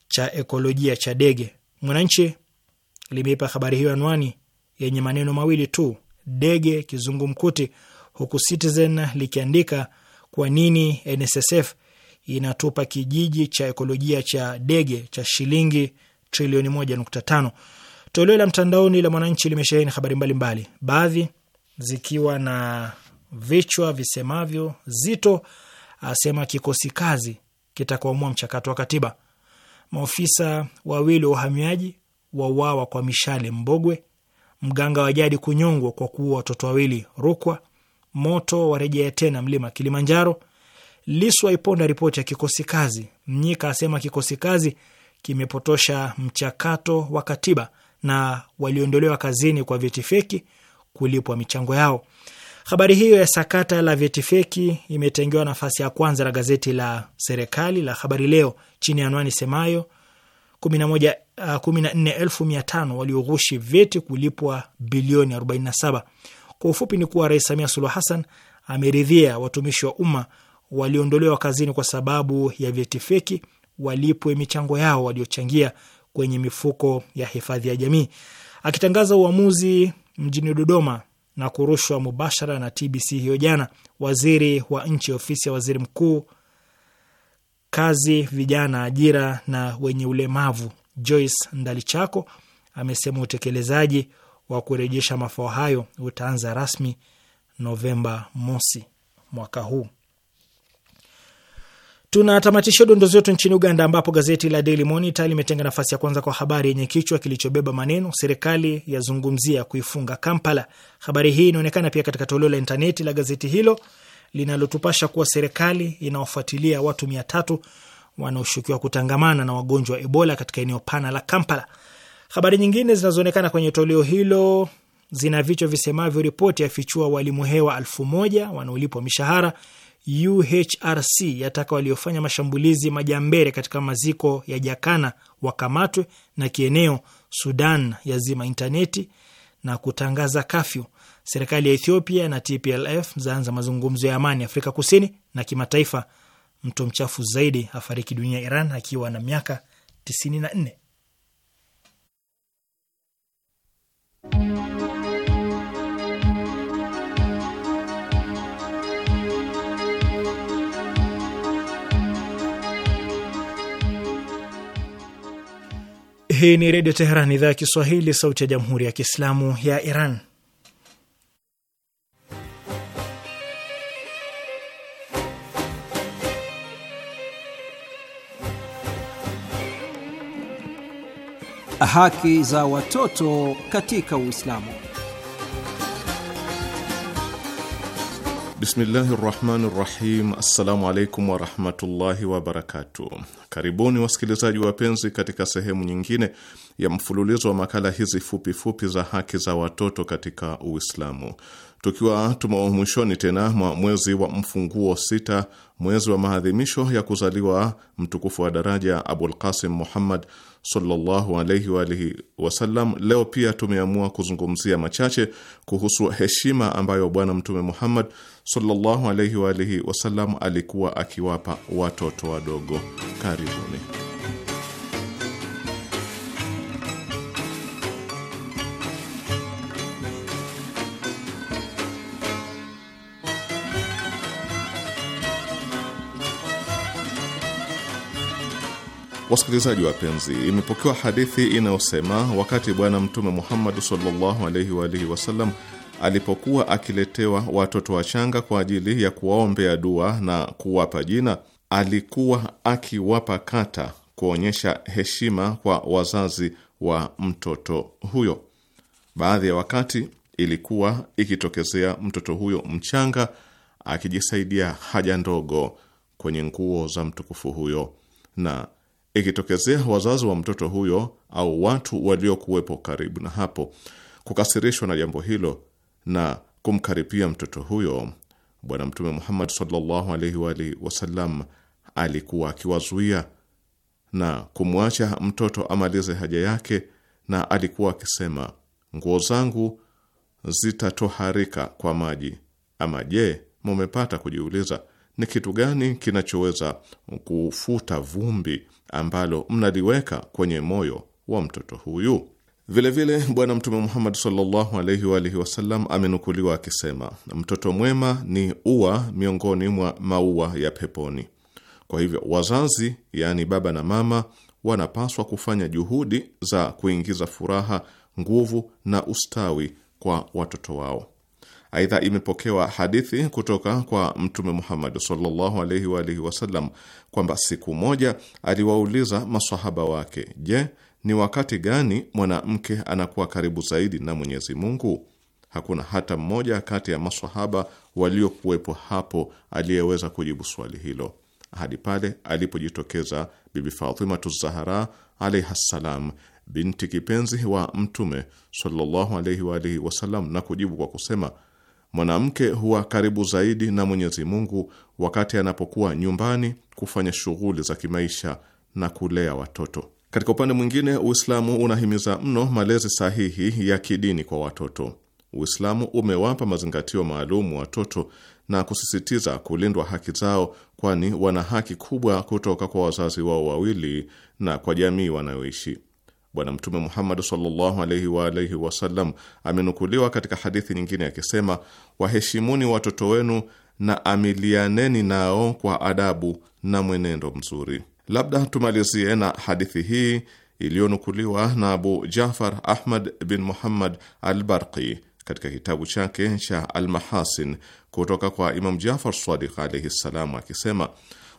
cha ekolojia cha Dege. Mwananchi limeipa habari hiyo anwani yenye maneno mawili tu, Dege kizungumkuti, huku Citizen likiandika kwa nini NSSF inatupa kijiji cha ekolojia cha Dege cha shilingi trilioni moja nukta tano. Toleo la mtandaoni la Mwananchi limesheheni habari mbalimbali, baadhi zikiwa na vichwa visemavyo: Zito asema kikosi kazi kitakuamua mchakato wa katiba, maofisa wawili wa uhamiaji wauawa kwa mishale Mbogwe, mganga wa jadi kunyongwa kwa kuua watoto wawili Rukwa, moto warejea tena mlima Kilimanjaro, Lisu aiponda ripoti ya kikosi kazi, Mnyika asema kikosi kazi kimepotosha mchakato wa katiba na waliondolewa kazini kwa vyeti feki kulipwa michango yao. Habari hiyo ya sakata la vyeti feki imetengewa nafasi ya kwanza na gazeti la serikali la Habari Leo chini ya anwani semayo 14,500 ah, walioghushi vyeti kulipwa bilioni 47. Kwa ufupi ni kuwa Rais Samia Suluhu Hassan ameridhia watumishi wa umma waliondolewa kazini kwa sababu ya vyeti feki walipwe michango yao waliochangia kwenye mifuko ya hifadhi ya jamii. Akitangaza uamuzi mjini Dodoma na kurushwa mubashara na TBC hiyo jana, waziri wa nchi ofisi ya waziri mkuu kazi, vijana, ajira na wenye ulemavu Joyce Ndalichako amesema utekelezaji wa kurejesha mafao hayo utaanza rasmi Novemba mosi mwaka huu. Tunatamatisha dondozi zetu nchini Uganda, ambapo gazeti la Daily Monitor limetenga nafasi ya kwanza kwa habari yenye kichwa kilichobeba maneno serikali yazungumzia kuifunga Kampala. Habari hii inaonekana pia katika toleo la intaneti la gazeti hilo linalotupasha kuwa serikali inawafuatilia watu mia tatu wanaoshukiwa kutangamana na wagonjwa wa Ebola katika eneo pana la Kampala. Habari nyingine zinazoonekana kwenye toleo hilo zina vichwa visemavyo: ripoti yafichua walimu hewa elfu moja wanaolipwa mishahara UHRC yataka waliofanya mashambulizi majambere katika maziko ya Jakana wakamatwe, na kieneo Sudan yazima intaneti na kutangaza kafyu. Serikali ya Ethiopia na TPLF zaanza mazungumzo ya amani Afrika Kusini. Na kimataifa, mtu mchafu zaidi afariki dunia Iran akiwa na miaka 94. Hii ni Redio Teheran, idhaa ya Kiswahili, sauti ya Jamhuri ya Kiislamu ya Iran. Haki za watoto katika Uislamu. Bismillahi rahmani rahim. Assalamu alaikum warahmatullahi wabarakatuh. Karibuni wasikilizaji wapenzi, katika sehemu nyingine ya mfululizo wa makala hizi fupifupi fupi za haki za watoto katika Uislamu, tukiwa tumo mwishoni tena mwa mwezi wa mfunguo sita, mwezi wa maadhimisho ya kuzaliwa mtukufu wa daraja Abulqasim Muhammad sallallahu wa alihi wasallam. Leo pia tumeamua kuzungumzia machache kuhusu heshima ambayo Bwana Mtume Muhammad sallallahu alaihi wa alihi wasallam alikuwa akiwapa watoto wadogo. Karibuni. Wasikilizaji wapenzi, imepokewa hadithi inayosema wakati Bwana Mtume Muhammad sallallahu alaihi wa alihi wasallam alipokuwa akiletewa watoto wachanga kwa ajili ya kuwaombea dua na kuwapa jina, alikuwa akiwapa kata kuonyesha heshima kwa wazazi wa mtoto huyo. Baadhi ya wakati ilikuwa ikitokezea mtoto huyo mchanga akijisaidia haja ndogo kwenye nguo za mtukufu huyo, na ikitokezea wazazi wa mtoto huyo au watu waliokuwepo karibu na hapo kukasirishwa na jambo hilo na kumkaribia mtoto huyo, Bwana Mtume Muhammad sallallahu alaihi wa alihi wasallam alikuwa akiwazuia na kumwacha mtoto amalize haja yake, na alikuwa akisema, nguo zangu zitatoharika kwa maji. Ama je, mumepata kujiuliza ni kitu gani kinachoweza kufuta vumbi ambalo mnaliweka kwenye moyo wa mtoto huyu? Vilevile Bwana Mtume Muhammad sallallahu alaihi wa alihi wasallam amenukuliwa akisema, mtoto mwema ni ua miongoni mwa maua ya peponi. Kwa hivyo wazazi, yaani baba na mama, wanapaswa kufanya juhudi za kuingiza furaha, nguvu na ustawi kwa watoto wao. Aidha, imepokewa hadithi kutoka kwa Mtume Muhammad sallallahu alaihi wa alihi wasallam kwamba siku moja aliwauliza masahaba wake, je, ni wakati gani mwanamke anakuwa karibu zaidi na Mwenyezi Mungu? Hakuna hata mmoja kati ya maswahaba waliokuwepo hapo aliyeweza kujibu swali hilo hadi pale alipojitokeza Bibi Fatimatu Zahara alaiha ssalam, binti kipenzi wa Mtume sallallahu alaihi wa alihi wasallam, na kujibu kwa kusema, mwanamke huwa karibu zaidi na Mwenyezi Mungu wakati anapokuwa nyumbani kufanya shughuli za kimaisha na kulea watoto. Katika upande mwingine, Uislamu unahimiza mno malezi sahihi ya kidini kwa watoto. Uislamu umewapa mazingatio maalumu watoto na kusisitiza kulindwa haki zao, kwani wana haki kubwa kutoka kwa wazazi wao wawili na kwa jamii wanayoishi. Bwana Mtume Muhammad sallallahu alaihi wa alihi wasallam amenukuliwa katika hadithi nyingine akisema, waheshimuni watoto wenu na amilianeni nao kwa adabu na mwenendo mzuri. Labda tumalizie na hadithi hii iliyonukuliwa na Abu Jafar Ahmad bin Muhammad al-Barqi katika kitabu chake cha Al-Mahasin kutoka kwa Imam Jafar Sadiq alaihi ssalam, akisema,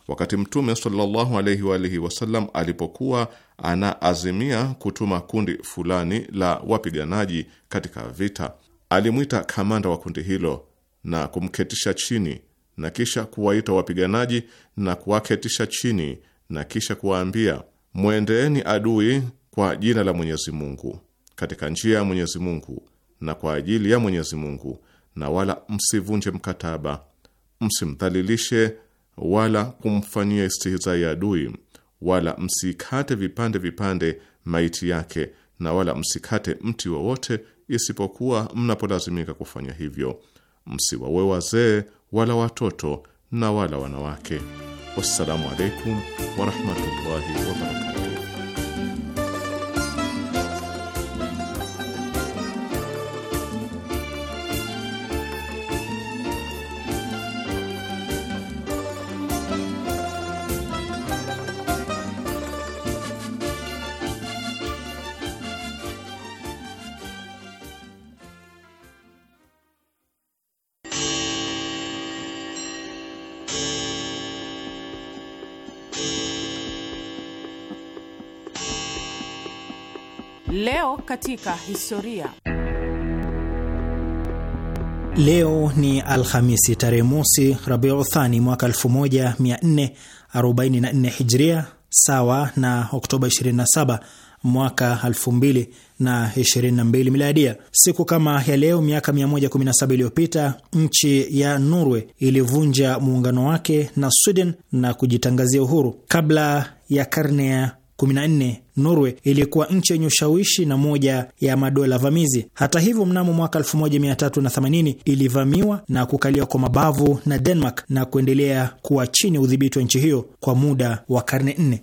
wakati Mtume sallallahu wa alihi wasallam alipokuwa anaazimia kutuma kundi fulani la wapiganaji katika vita, alimwita kamanda wa kundi hilo na kumketisha chini na kisha kuwaita wapiganaji na kuwaketisha chini na kisha kuwaambia mwendeeni adui kwa jina la Mwenyezi Mungu katika njia ya Mwenyezi Mungu na kwa ajili ya Mwenyezi Mungu, na wala msivunje mkataba, msimdhalilishe wala kumfanyia istihizai adui, wala msikate vipande vipande maiti yake, na wala msikate mti wowote isipokuwa mnapolazimika kufanya hivyo. Msiwaue wazee wala watoto na wala wanawake. Wassalamu alaikum warahmatullahi wabarakatu. katika historia. Leo ni Alhamisi tarehe mosi Rabiu Thani mwaka 1444 Hijria, sawa na Oktoba 27 mwaka 2022 Miladia. Siku kama ya leo miaka 117 iliyopita nchi ya Norway ilivunja muungano wake na Sweden na kujitangazia uhuru. Kabla ya karne ya 14 Norway ilikuwa nchi yenye ushawishi na moja ya madola vamizi. Hata hivyo, mnamo mwaka 1380 ilivamiwa na kukaliwa kwa mabavu na Denmark na kuendelea kuwa chini ya udhibiti wa nchi hiyo kwa muda wa karne nne.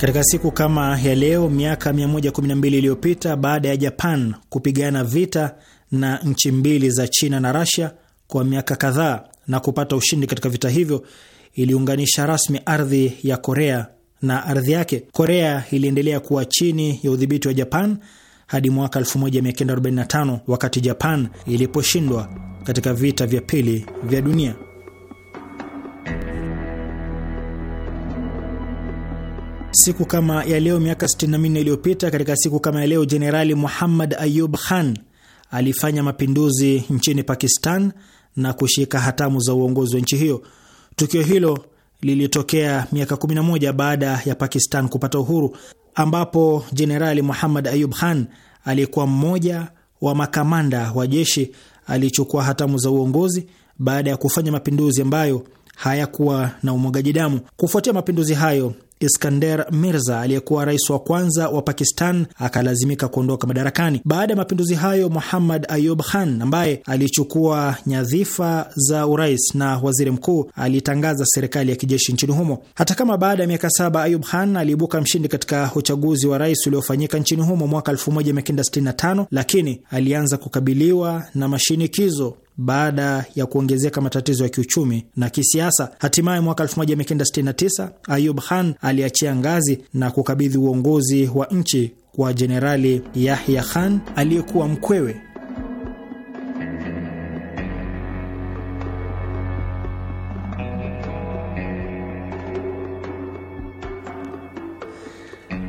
Katika siku kama ya leo miaka 112 iliyopita, baada ya Japan kupigana vita na nchi mbili za China na Rasia kwa miaka kadhaa na kupata ushindi katika vita hivyo, iliunganisha rasmi ardhi ya Korea na ardhi yake. Korea iliendelea kuwa chini ya udhibiti wa Japan hadi mwaka 1945 wakati Japan iliposhindwa katika vita vya pili vya dunia. Siku kama ya leo miaka 64 iliyopita, katika siku kama ya leo, Jenerali Muhammad Ayub Khan alifanya mapinduzi nchini Pakistan na kushika hatamu za uongozi wa nchi hiyo. Tukio hilo lilitokea miaka 11 baada ya Pakistan kupata uhuru, ambapo Jenerali Muhammad Ayub Khan aliyekuwa mmoja wa makamanda wa jeshi alichukua hatamu za uongozi baada ya kufanya mapinduzi ambayo hayakuwa na umwagaji damu. Kufuatia mapinduzi hayo Iskander Mirza aliyekuwa rais wa kwanza wa Pakistan akalazimika kuondoka madarakani. Baada ya mapinduzi hayo, Muhammad Ayub Khan ambaye alichukua nyadhifa za urais na waziri mkuu alitangaza serikali ya kijeshi nchini humo. Hata kama baada ya miaka saba Ayub Khan aliibuka mshindi katika uchaguzi wa rais uliofanyika nchini humo mwaka 1965, lakini alianza kukabiliwa na mashinikizo baada ya kuongezeka matatizo ya kiuchumi na kisiasa. Hatimaye mwaka 1969 Ayub Khan aliachia ngazi na kukabidhi uongozi wa nchi kwa Jenerali Yahya Khan aliyekuwa mkwewe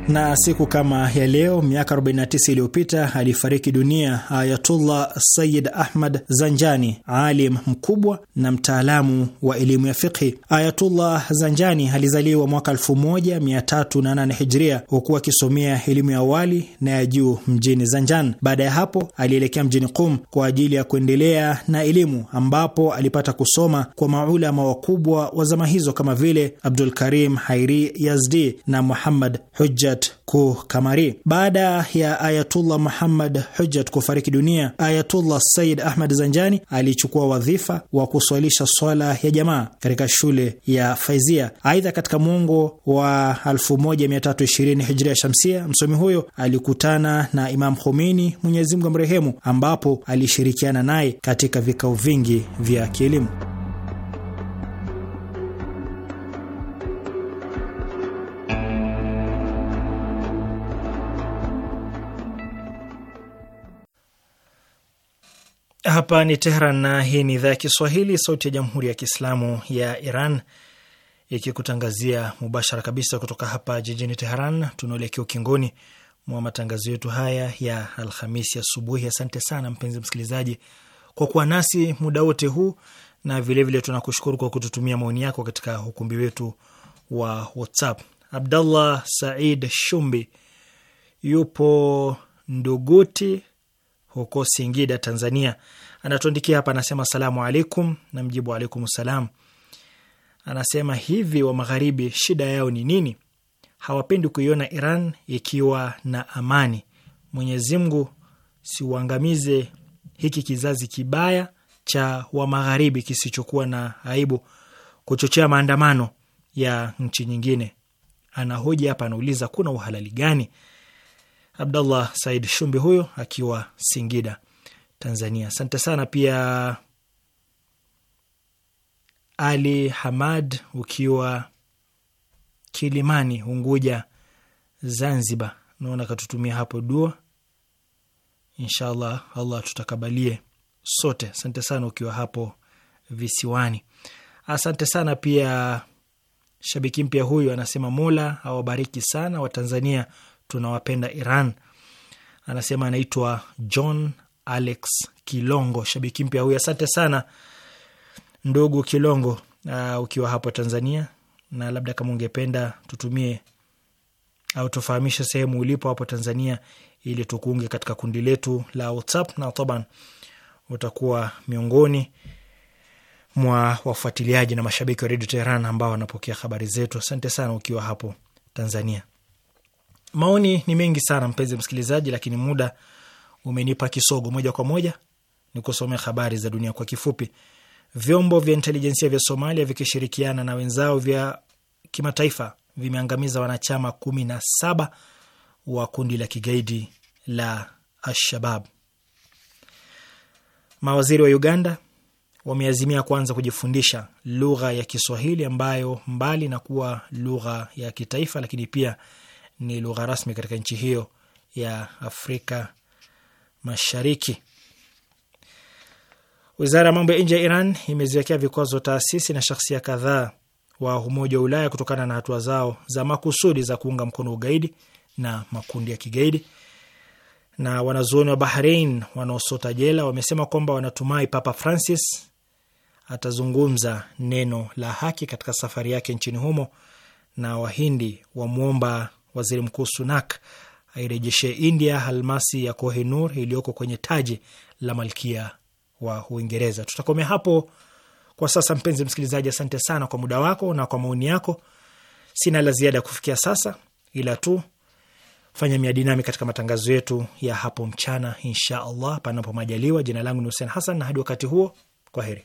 Na siku kama ya leo miaka 49 iliyopita alifariki dunia Ayatullah sayid Ahmad Zanjani, alim mkubwa na mtaalamu wa elimu ya fiqhi. Ayatullah Zanjani alizaliwa mwaka 1308 Hijria, hukuwa akisomea elimu ya awali na ya juu mjini Zanjan. Baada ya hapo alielekea mjini Qum kwa ajili ya kuendelea na elimu, ambapo alipata kusoma kwa maulama wakubwa wa zama hizo kama vile Abdul Karim Hairi Yazdi na Muhammad Hujjat Hujjat Kukamari. Baada ya Ayatullah Muhammad Hujjat kufariki dunia, Ayatullah Said Ahmad Zanjani alichukua wadhifa wa kuswalisha swala ya jamaa katika shule ya Faizia. Aidha, katika mwongo wa 1320 Hijria Shamsia, msomi huyo alikutana na Imam Khomeini, Mwenyezi Mungu amrehemu, ambapo alishirikiana naye katika vikao vingi vya kielimu. Hapa ni Tehran na hii ni idhaa ya Kiswahili, sauti ya jamhuri ya kiislamu ya Iran, ikikutangazia mubashara kabisa kutoka hapa jijini Teheran. Tunaelekea ukingoni mwa matangazo yetu haya ya Alhamisi asubuhi. Asante sana mpenzi msikilizaji kwa kuwa nasi muda wote huu, na vilevile vile tunakushukuru kwa kututumia maoni yako katika ukumbi wetu wa WhatsApp. Abdallah Said Shumbi yupo Nduguti, huko Singida, Tanzania. Anatuandikia hapa, anasema salamu alaikum, na mjibu alaikum salam. Anasema hivi, wa magharibi shida yao ni nini? Hawapendi kuiona Iran ikiwa na amani. Mwenyezi Mungu siuangamize hiki kizazi kibaya cha wa magharibi kisichokuwa na aibu kuchochea maandamano ya nchi nyingine. Anahoji hapa, anauliza kuna uhalali gani Abdallah Said Shumbi huyo akiwa Singida, Tanzania. Asante sana pia Ali Hamad ukiwa Kilimani, Unguja, Zanzibar. Naona katutumia hapo dua, inshallah Allah tutakabalie sote. Asante sana ukiwa hapo visiwani. Asante sana pia shabiki mpya huyu anasema Mola awabariki sana Watanzania tunawapenda Iran. Anasema anaitwa John Alex Kilongo, shabiki mpya huyu. Asante sana ndugu Kilongo, uh, ukiwa hapo Tanzania, na labda kama ungependa tutumie au tufahamishe sehemu ulipo hapo Tanzania ili tukuunge katika kundi letu la WhatsApp na taban utakuwa miongoni mwa wafuatiliaji na mashabiki wa redio Teheran ambao wanapokea habari zetu. Asante sana ukiwa hapo Tanzania. Maoni ni mengi sana mpenzi msikilizaji, lakini muda umenipa kisogo. Moja kwa moja ni kusomea habari za dunia kwa kifupi. Vyombo vya intelijensia vya Somalia vikishirikiana na wenzao vya kimataifa vimeangamiza wanachama kumi na saba wa kundi la kigaidi la Alshabab. Mawaziri wa Uganda wameazimia kuanza kujifundisha lugha ya Kiswahili ambayo mbali na kuwa lugha ya kitaifa, lakini pia ni lugha rasmi katika nchi hiyo ya Afrika Mashariki. Wizara ya mambo ya nje ya Iran imeziwekea vikwazo taasisi na shakhsia kadhaa wa Umoja wa Ulaya kutokana na hatua zao za makusudi za kuunga mkono ugaidi na makundi ya kigaidi. Na wanazuoni wa Bahrain wanaosota jela wamesema kwamba wanatumai Papa Francis atazungumza neno la haki katika safari yake nchini humo, na Wahindi wamwomba Waziri Mkuu Sunak airejeshe India almasi ya Kohinur iliyoko kwenye taji la malkia wa Uingereza. Tutakomea hapo kwa sasa, mpenzi msikilizaji. Asante sana kwa muda wako na kwa maoni yako. Sina la ziada ya kufikia sasa, ila tu fanya miadi nami katika matangazo yetu ya hapo mchana, insha Allah, panapo majaliwa. Jina langu ni Hussein Hassan, na hadi wakati huo, kwa heri.